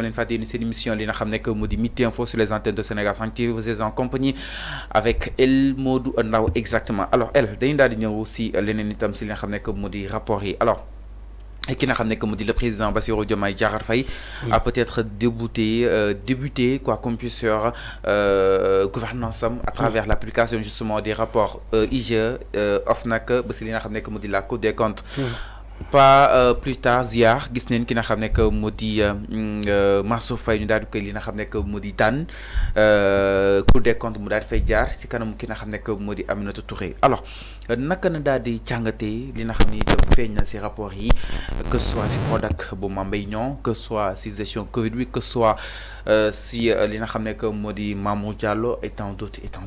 ma leen fàtte émission li na sur les antennes de Sénégal 5 vous êtes en compagnie avec El Modou exactement alors El dañu daal aussi ñëw si leneen itam rapport alors et qui xam que mu le président Bassirou Diomaye Diakhar Faye a peut-être débuté euh, débuté quoi comme puisseur gouvernance à travers l'application justement des rapports euh, IGE euh, OFNAC ba si li nga la Cour des comptes pas euh, plus tard ziar gis neen ki na xam nekk moo di euh, euh, Mansour Faye ñu daal di koy li nga xam nekk moo di daan Cour des comptes mu daal di fay jaar si kanam ki nga xam nekk moo di Aminata Touré alors naka na daal di càngatee li nga xam ni feeñ na si rapport yi que soit si Prodac bu Mambay Niang que soit si gestion Covid bi que soit si li nga xam nekk moo di Mamour Diallo et tant d'autres tant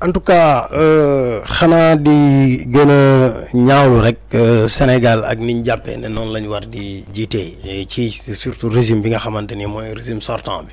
en tout cas euh, xanaa di gën a ñaawlu rek euh, Sénégal ak ni ñu jàppee ne noonu la ñu war di jiitee ci surtout régime bi nga xamante ni mooy régime sortant bi.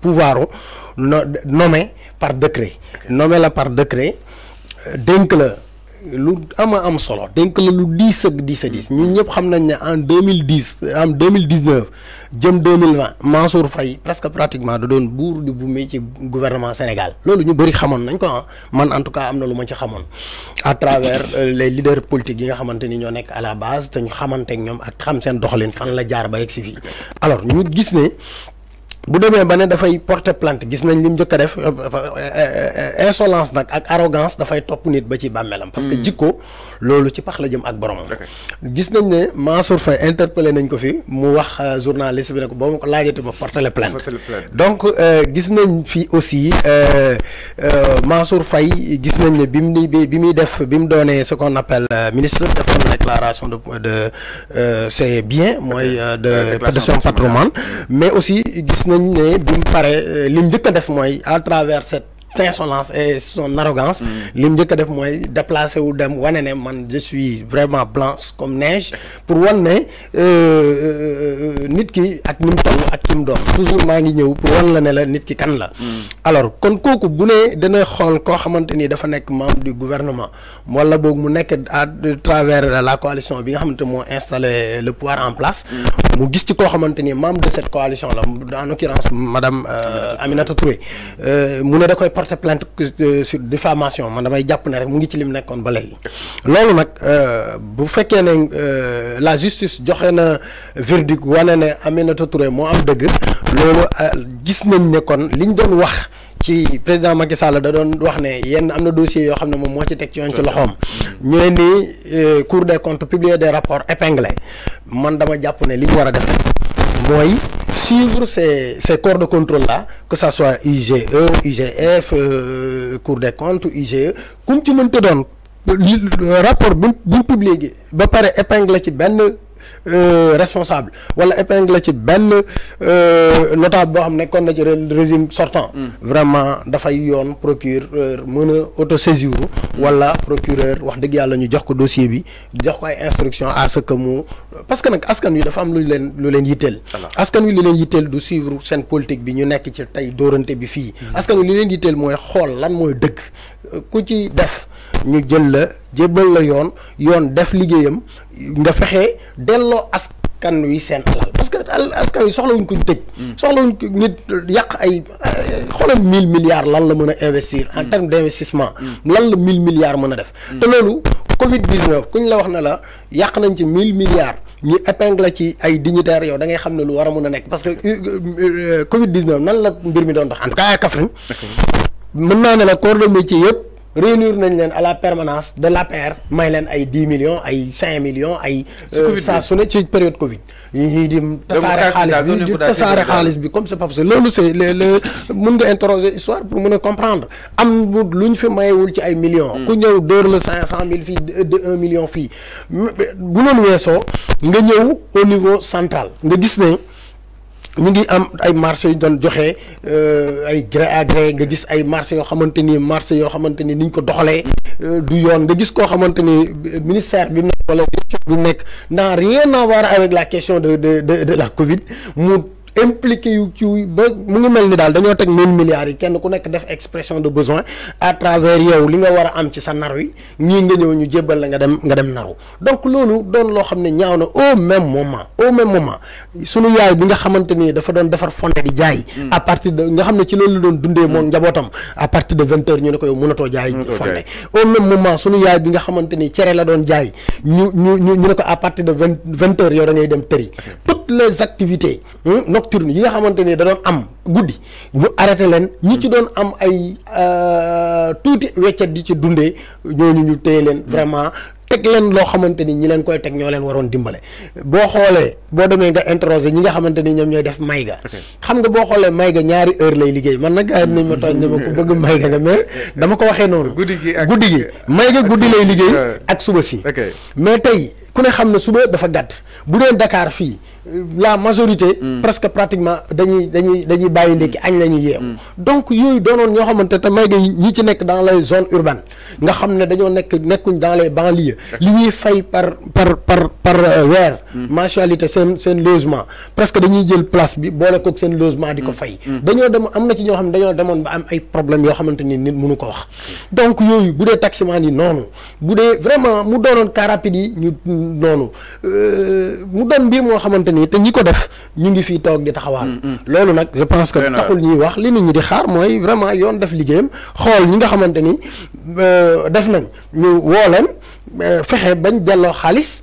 pouvoir nommer par décret nommer la par décret euh, dénk la lu ama am solo dénk la lu diis ak diis a diis mm. xam nañ ne en deux mille dix en deux jëm 2020, Mansour Faye presque pratiquement da doon buur du boumé ci gouvernement Sénégal lolo ñu bëri xamoon nañ ko ah. man en tout cas am na lu ma ci à travers euh, les leaders politiques yi nga xamante ñoo à la base te ñu xamante ak ñoom ak xam fan la jaar ba yegg alors ñu gis bu demee bané da fay porter plainte gis nañ li jëk def euh, euh, euh, insolence nak ak arrogance fay top nit ba ci bamélam parce que hmm. jikko lolu ci pax la jëm ak borom gis nañ né Mansour Faye interpeller nañ ko fi mu wax journaliste bi nak bo boo ma ko laajate ma porter la plainte donc gis nañ fi aussi Mansour Faye gis nañ né bim ni bi muy def bi donné ce qu'on appelle ministre de déclaration de de c'est bien moy de de son patrimoine mais aussi gis nañ nañ ne bi mu paree euh, li mu njëkk a def mooy à travers cette et eh, son arrogance mm. li mu njëkk def ou déplacé moi dem man je suis vraiment blanc comme neige pour moi ne euh, euh, nit ki ak qui ak toujours maa ngi pour wan la né la nit ki kan la mm. alors kon kooku bu ne dana xool koo xamante dafa membre du gouvernement wala boog mu nekk à travers la coalition bi nga xamante moo installé le pouvoir en place mm. mu gis ci koo membre de cette coalition là en l'occurrence madame euh, Aminata Touré mu ne da porté plainte euh, sur diffamation man damay jàpp ne rek mu ngi ci lim nekkoon ba léegi loolu nag euh, bu fekkee ne euh, la justice joxe na verdict wane ne Aminata Touré moo am dëgg loolu gis nañ ne kon liñ doon wax ci président Macky Sall da doon wax ne yenn am na dossier yoo xam ne moom moo ci teg ci yoon ci loxoom ñu ne Cour des comptes publier des rapports épinglés man dama jàpp ne li ñu def mooy suivre ces, ces corps de contrôle-là, que ce soit IGE, IGF, cours euh, Cour des comptes, IGE, quand tu me le donnes, le rapport, vous publiez, épingle, Euh, responsable wala épingle ci benn euh, notable boo xam nekkoon na ci régime sortant mm. vraiment dafay yoon procureur mën a autosaisir wala procureur wax dëgg yàlla ñu jox ko dossier bi jox ko ay instruction à que mu parce que nag askan wi dafa am lu leen lu leen yitteel askan wi li leen yitteel du suivre seen politique bi ñu nekk ci tey dorante bi fii mm. askan wi li leen yitteel mooy xool lan mooy dëgg ku ci def ñu jël la jébbal la yoon yoon def liggéeyam nga fexe delloo askan wi seen alal parce que askan wi soxlawuñ ko ñu tëj. Hmm. soxlawuñ ko nit yàq ay xoolal mille milliards lan la mën a investir. en hmm. terme d' investissement. Hmm. lan la mille milliards mën a def. te loolu Covid 19 kuñ la wax ne la yàq nañ ci mille milliards. ñu la ci ay dignitaires yow dangay xam ne lu war a mën a nekk parce que euh, euh, Covid 19 nan la mbir mi doon dox en tout cas Kaffrine mën naa ne la corps de yëpp. réunir à la permanence de la may Maïlen ay 10 millions ay 5 millions ay. ça euh, sonné ne ci période Covid. Il dit, tasaare xaalis bi bi comme c'est pas possible loolu c'est le le mën nga interroger histoire pour mën comprendre am lu ñu fi mayewul ci ay millions. Hmm. ku ñëw dóor la 500000 fii de 1 million fii bu loolu weesoo nga ñëw au niveau central nga gis ne mingi am ay marché euh, ay gré à gré nga gis ay marché ni marché yo xamanteni niñ ko euh, du yoon gis euh, ministère n'a rien à voir avec la question de de de la Covid mu impliqué yu ci ba mu ngi mel ni daal dañoo teg mille milliards yi kenn ku nekk def expression de besoin à travers yow li nga war a am ci sa nar wi ñii nga ñëw ñu jébbal la nga dem nga dem naru donc loolu doon loo xam ne ñaaw na au même moment au même moment sunu yaay bi nga xamante ni dafa doon defar fonde di jaay. Mm. à partir de nga xam ne ci loolu la doon dundee moom mm. njabootam à partir de 20 heures ñu ne ko yow mënatoo jaay. fonde au même moment sunu yaay bi nga xamante ni cere la doon jaay ñu ñu ñu ne ko à partir de 20 vingt heures yow da ngay dem tëri toutes les activités. Hmm, nocturne yi nga xamante ni da doon am guddi ñu arrêté leen ñi ci doon am ay euh, tuuti weccet di ci dundee ñooñu ñu téye leen mm. vraiment teg leen loo xamante ni ñi leen koy teg ñoo leen waroon dimbale boo xoolee boo demee nga interroger ñi nga xamante ni ñoom ñooy def mayga xam nga boo xoolee may ga ñaari heure lay liggéey man nag gars yi ma tooñ ne ma ko bëgg mayga nga mais dama ko waxee noonu guddi gi ga guddi lay liggéey ak suba si mais tey la majorité. Hmm. presque pratiquement hmm. dans les zones urbaines dans les banlieues. li par par par par euh, hmm. presque place bi donc vraiment noonu euh, mu doon mbir moo xamante ni te ñi ko def ñu ngi fii toog di taxawaal. Mm, mm. loolu nag je pense que taxul ñuy wax li nit ñi di xaar mooy vraiment yoon def liggéeyam xool ñi nga xamante ni euh, def nañ ñu woo leen euh, fexe bañ delloo xaalis.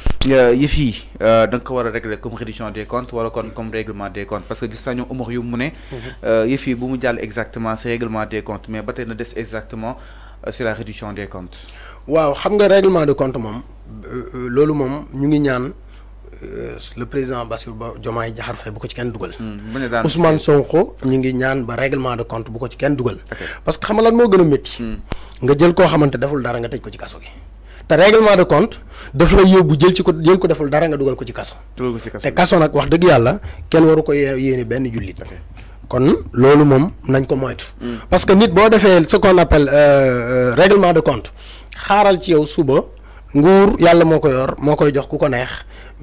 Euh, yëf yi euh, da ko war a régler comme réduction des comptes wala kon comme règlement des comptes parce que gis nañu Omar yu mu ne. Mhm. Euh, yëf yi bu mu jàll exactement si règlement des comptes mais ba tey na des exactement sur la réduction des comptes. ñu ngi ñaan le président Bassirou Ba Diomaye Diakhar Faye bu ko ci kenn dugal. Hmm, Ousmane Sonko ñu ngi ñaan ba règlement de compte bu ko ci kenn dugal. parce que xam nga lan moo gën a métti. Hmm. nga jël koo xamante deful dara nga tëj ko ci kaso gi. te règlement de compte daf la yóbbu jël ci ko jël ko deful dara nga dugal ko ci kaso. dugal ko ci kaso te kaso nag wax dëgg yàlla kenn waru ko yéene benn jullit. kon loolu moom nañ ko moytu. Hmm. parce que nit boo defee ce qu'on appelle euh, euh, règlement de compte xaaral ci yow suba nguur yàlla moo ko yor moo koy jox ku ko neex.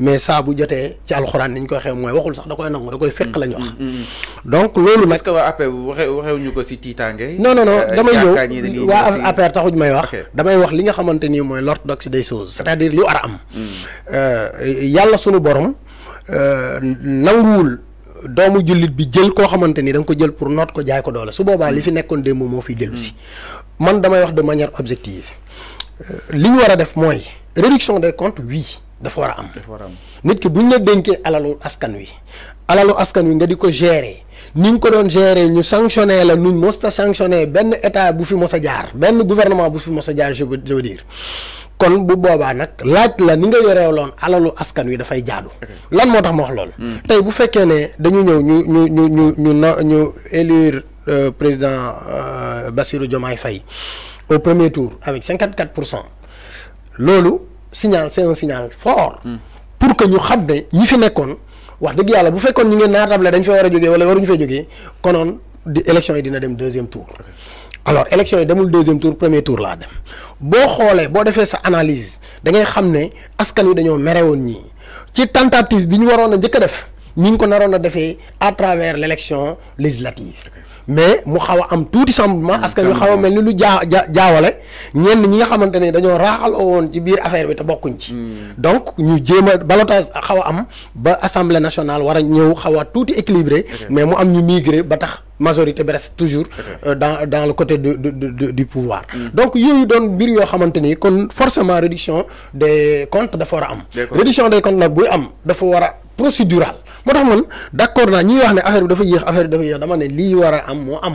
mais saa bu jotee ci alxuraan ni ñu ko waxee mooy waxul sax da koy nangu da koy fekk mm, lañ wax. Mm, mm. donc loolu nag. est-ce que waa APR waxee waxewuñu ko si tiitaange. non non non euh, damay ñëw waa APR taxuñ may wax. damay wax li nga xamante ni mooy l'orthodoxie des choses. c'est-à-dire li war am. Euh, yàlla sunu borom euh, nanguwul. doomu jullit bi jël koo xamante ni da ko jël pour noot ko jaay ko doole su boobaa li fi nekkoon démb moo fiy dellu si man damay wax de manière objective Euh, li ñu def moy réduction des comptes oui de war am. nit ki buñu gérer, alalu askan wi alalu askan wi nga gérer ni ko doon gérer ñu sanctionné la sanctionné benn état bu fi jaar gouvernement bu fi nous jaar je veux dire kon bu boba nak laaj la ni nga alalu askan wi dafay jaadu. lan moo tax wax loolu. Hmm. tey bu fekkee ne dañu ñëw ñu ñu ñu ñu ñu euh, président euh, Bassirou Diomaye Faye au premier tour avec 54 lolo signale signal c'est un signal fort. Hmm. pour que nous xam ne ñi fi nekkoon wax dëgg vous bu fekkoon ñu ngeen pas dañ fa war a jógee wala faites fee jógee konoon di élection yi deuxième tour. alors élection yi demul deuxième tour premier tour là dem boo bon de faire sa analyse da ngay à ce askan nous dañoo merewoon au ci tentative bi ñu waroon a njëkk a def ñu à travers l'élection législative mais mu xaw a am tuuti changement askan wi xaw a mel ni lu jaa jaawale ñenn ñi nga xamante ne dañoo raaxal woon ci biir affaire bi te bokkuñ ci. Hmm. donc ñu jéem a ballottage xaw a am ba assemblée nationale war a ñëw xaw a tuuti équilibré. mais mu am ñu migré ba tax majorité bi reste toujours. Euh, dans dans le côté du du du pouvoir. Hmm. donc yooyu doon mbir yoo xamante ni kon forcément réduction des comptes dafa war a am. réduction des comptes nag buy am dafa war a procédural. moo tax man d'accord naa ñiy wax ne affaire bi dafa yéex affaire bi dafa yéex dama ne lii war a am moo am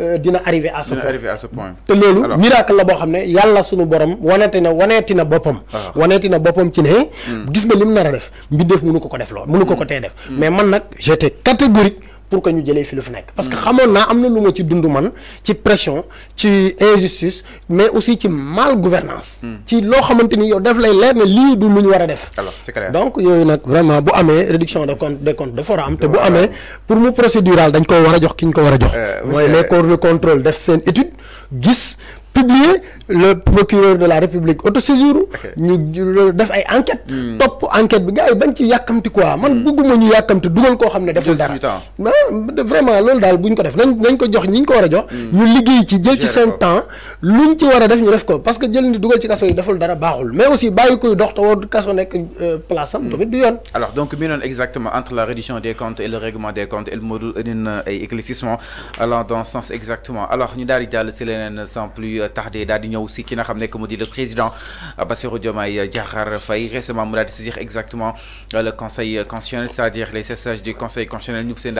Euh, dina arrivé à ce point dina arrivé à ce point. te loolu miracle la boo xam ne yàlla sunu borom waneeti na waneeti na boppam. Ah. waneeti na boppam ci ne. Hmm. gis nga lim nar a def mbindeef mënu ko ko def lool mënu ko ko hmm. tee def. mais man nag j'étais catégorique. pour que ñu jëlee fi lu fi parce que mm. xamoon naa am na lu ma ci dund man ci pression ci injustice mais aussi ci mal gouvernance mm. ci loo xamante ni yow def lay leer ne lii du lu ñu war a def. donc yooyu nag vraiment bu amee réduction de compte de comptes dafa war a am te bu amee pour mu procédural dañ ko war a jox ki ñu ko war a jox. Euh, les corps de contrôle def seen étude gis publié le procureur de la république autosaisir ñu def ay enquête hmm. top enquête bi gars yi bañ ci yakamti quoi man hmm. bëgguma ñu yakamti dugal ko xamné ne deful dara vraiment lool dal buñ ko def nañ ko jox ñiñ ko wara jox hmm. ñu liggéey ci jël ci seen temps luñ ci wara def ñu def ko parce que jël ni dugal ci kasso yi deful dara baaxul mais aussi bayiko koy dox te war kaso euh, place am tamit du yoon alors donc mi noon exactement entre la reddition des comptes et le règlement des comptes il module indi euh, ay éclaircissement allant dans sens exactement alors ñu daal di jàll si leneen sans plus euh, tardé daal di qui n'a ki nga xam mu le président Bassirou Diomaye Diakhar Faye récemment mu décidé exactement le conseil constitutionnel c'est-à-dire les sages du conseil constitutionnel nous